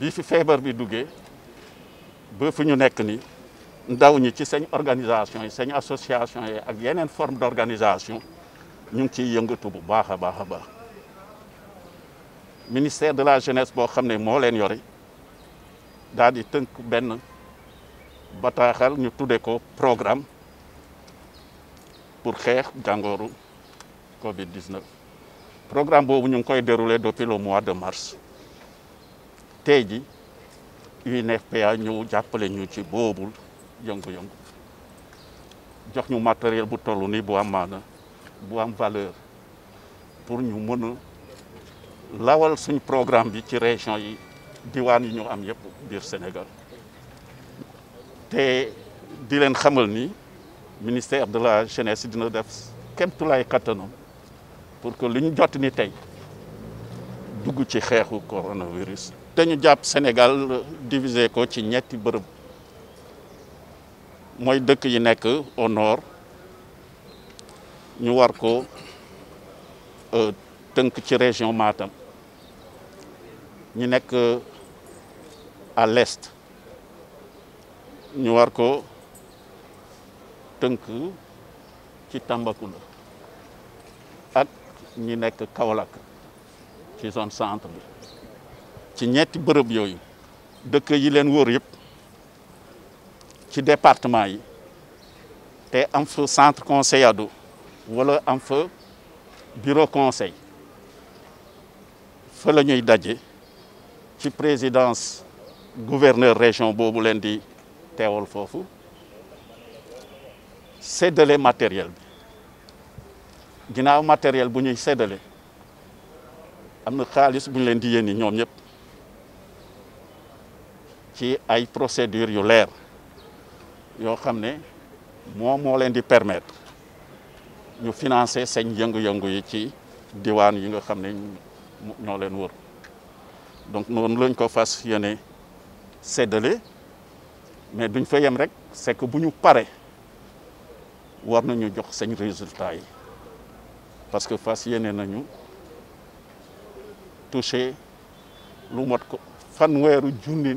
bi fi bi duggé ba ñu nekk ni ndaw ñi ci seen organisation yi seen association yi ak yeneen forme d'organisation ñu ngi ciy yëngatu bu baax a baax a baax ministère de la jeunesse boo xam ne moo leen yore daal di tënk benn bataaxal ñu tudde ko programme pour xeex jàngooru Covid 19 programme boobu ñu ngi koy déroulé depuis le mois de mars tey ji UNFPA ñu jappalé ñu ci bobul yëngu-yëngu jox ñu matériel bu tollu ni bu am bu am valeur pour ñu mëna lawal suñ programme bi ci région yi diwaan yi ñu am yépp biir Sénégal té di leen xamal ni ministère de la jeunesse dina def kemtulaay kattanam pour que liñ jot ni tay dugg ci xeexu coronavirus te ñu jàpp Sénégal divisé ko ci ñetti bërëb mooy dëkk yi nekk au nord ñu war ko euh, tënk ci région Matam ñu nekk à l'est ñu war ko tënk ci Tambacounda ak ñi nekk Kaolack ci zone centre bi ci ñetti bërëb yooyu dëkk yi leen wóor yëpp ci département yi te am fa centre conseil ado wala am fa bureau conseil fa la ñuy daje ci présidence gouverneur région boobu leen di teewal foofu séddale matériel bi ginnaaw matériel bu ñuy séddale am na xaalis bu ñu leen di yéen ñoom ñëpp ci ay procédures yu leer yoo xam ne moom moo leen di permettre ñu financer seen yëngu-yëngu yi ci diwaan yi nga xam ne ñoo leen wër donc noonu lañ ko fas yéene séddale mais duñ fa yem rek c'est que bu ñu pare war nañu jox seen résultat yi parce que fas yéene nañu toucher lu mot ko fanweeru junni